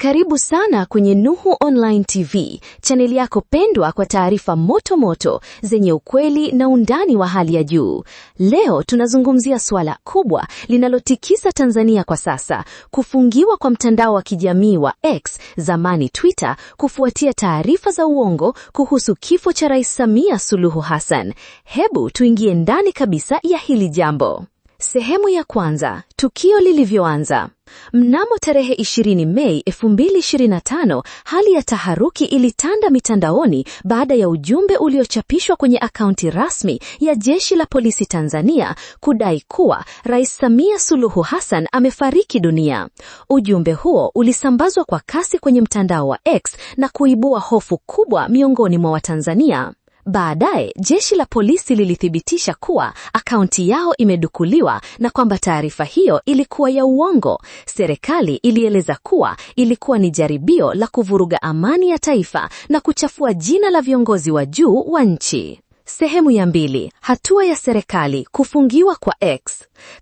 Karibu sana kwenye Nuhu Online TV, chaneli yako pendwa kwa taarifa moto moto zenye ukweli na undani wa hali ya juu. Leo tunazungumzia suala kubwa linalotikisa Tanzania kwa sasa, kufungiwa kwa mtandao wa kijamii wa X, zamani Twitter, kufuatia taarifa za uongo kuhusu kifo cha Rais Samia Suluhu Hassan. Hebu tuingie ndani kabisa ya hili jambo. Sehemu ya kwanza, tukio lilivyoanza. Mnamo tarehe 20 Mei 2025, hali ya taharuki ilitanda mitandaoni baada ya ujumbe uliochapishwa kwenye akaunti rasmi ya Jeshi la Polisi Tanzania kudai kuwa Rais Samia Suluhu Hassan amefariki dunia. Ujumbe huo ulisambazwa kwa kasi kwenye mtandao wa X na kuibua hofu kubwa miongoni mwa Watanzania. Baadaye jeshi la polisi lilithibitisha kuwa akaunti yao imedukuliwa na kwamba taarifa hiyo ilikuwa ya uongo. Serikali ilieleza kuwa ilikuwa ni jaribio la kuvuruga amani ya taifa na kuchafua jina la viongozi wa juu wa nchi. Sehemu ya mbili: hatua ya serikali kufungiwa kwa X.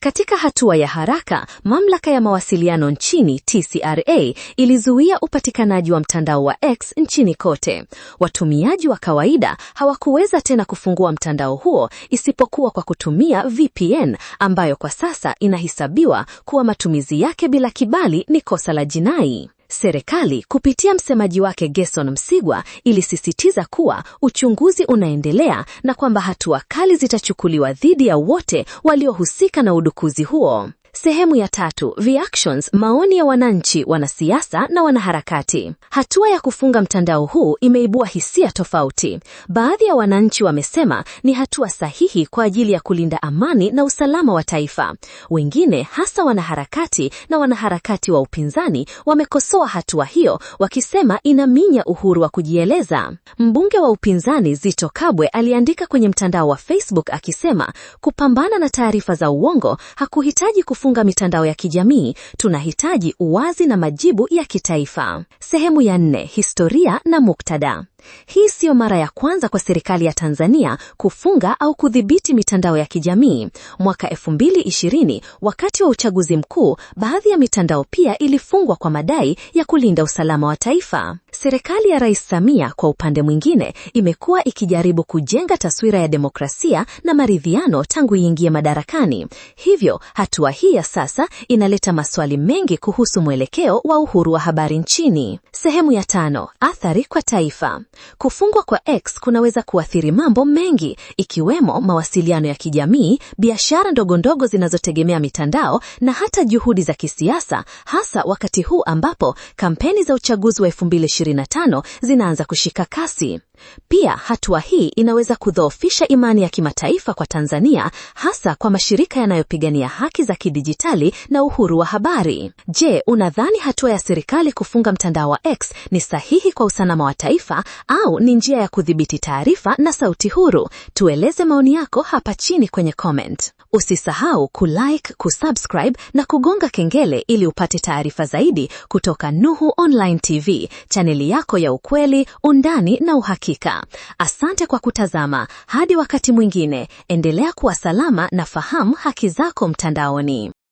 Katika hatua ya haraka, mamlaka ya mawasiliano nchini TCRA ilizuia upatikanaji wa mtandao wa X nchini kote. Watumiaji wa kawaida hawakuweza tena kufungua mtandao huo isipokuwa kwa kutumia VPN, ambayo kwa sasa inahesabiwa kuwa matumizi yake bila kibali ni kosa la jinai. Serikali kupitia msemaji wake Gerson Msigwa ilisisitiza kuwa uchunguzi unaendelea na kwamba hatua kali zitachukuliwa dhidi ya wote waliohusika na udukuzi huo. Sehemu ya tatu: reactions, maoni ya wananchi, wanasiasa na wanaharakati. Hatua ya kufunga mtandao huu imeibua hisia tofauti. Baadhi ya wananchi wamesema ni hatua sahihi kwa ajili ya kulinda amani na usalama wa taifa. Wengine, hasa wanaharakati na wanaharakati wa upinzani, wamekosoa hatua hiyo wakisema inaminya uhuru wa kujieleza. Mbunge wa upinzani Zitto Kabwe aliandika kwenye mtandao wa Facebook akisema kupambana na taarifa za uongo hakuhitaji kufunga kufunga mitandao ya kijamii, tunahitaji uwazi na majibu ya kitaifa. Sehemu ya nne: historia na muktadha. Hii siyo mara ya kwanza kwa serikali ya Tanzania kufunga au kudhibiti mitandao ya kijamii. Mwaka 2020 wakati wa uchaguzi mkuu, baadhi ya mitandao pia ilifungwa kwa madai ya kulinda usalama wa taifa. Serikali ya Rais Samia kwa upande mwingine, imekuwa ikijaribu kujenga taswira ya demokrasia na maridhiano tangu iingie madarakani. Hivyo, hatua hii ya sasa inaleta maswali mengi kuhusu mwelekeo wa uhuru wa habari nchini. Sehemu ya tano: athari kwa taifa. Kufungwa kwa X kunaweza kuathiri mambo mengi ikiwemo mawasiliano ya kijamii, biashara ndogo ndogo zinazotegemea mitandao na hata juhudi za kisiasa, hasa wakati huu ambapo kampeni za uchaguzi wa 2025 zinaanza kushika kasi. Pia hatua hii inaweza kudhoofisha imani ya kimataifa kwa Tanzania, hasa kwa mashirika yanayopigania haki za kidijitali na uhuru wa habari. Je, unadhani hatua ya serikali kufunga mtandao wa X ni sahihi kwa usalama wa taifa au ni njia ya kudhibiti taarifa na sauti huru? Tueleze maoni yako hapa chini kwenye comment. Usisahau kulike, kusubscribe na kugonga kengele ili upate taarifa zaidi kutoka Nuhu Online TV, chaneli yako ya ukweli, undani na uhakika uhakika. Asante kwa kutazama. Hadi wakati mwingine, endelea kuwa salama na fahamu haki zako mtandaoni.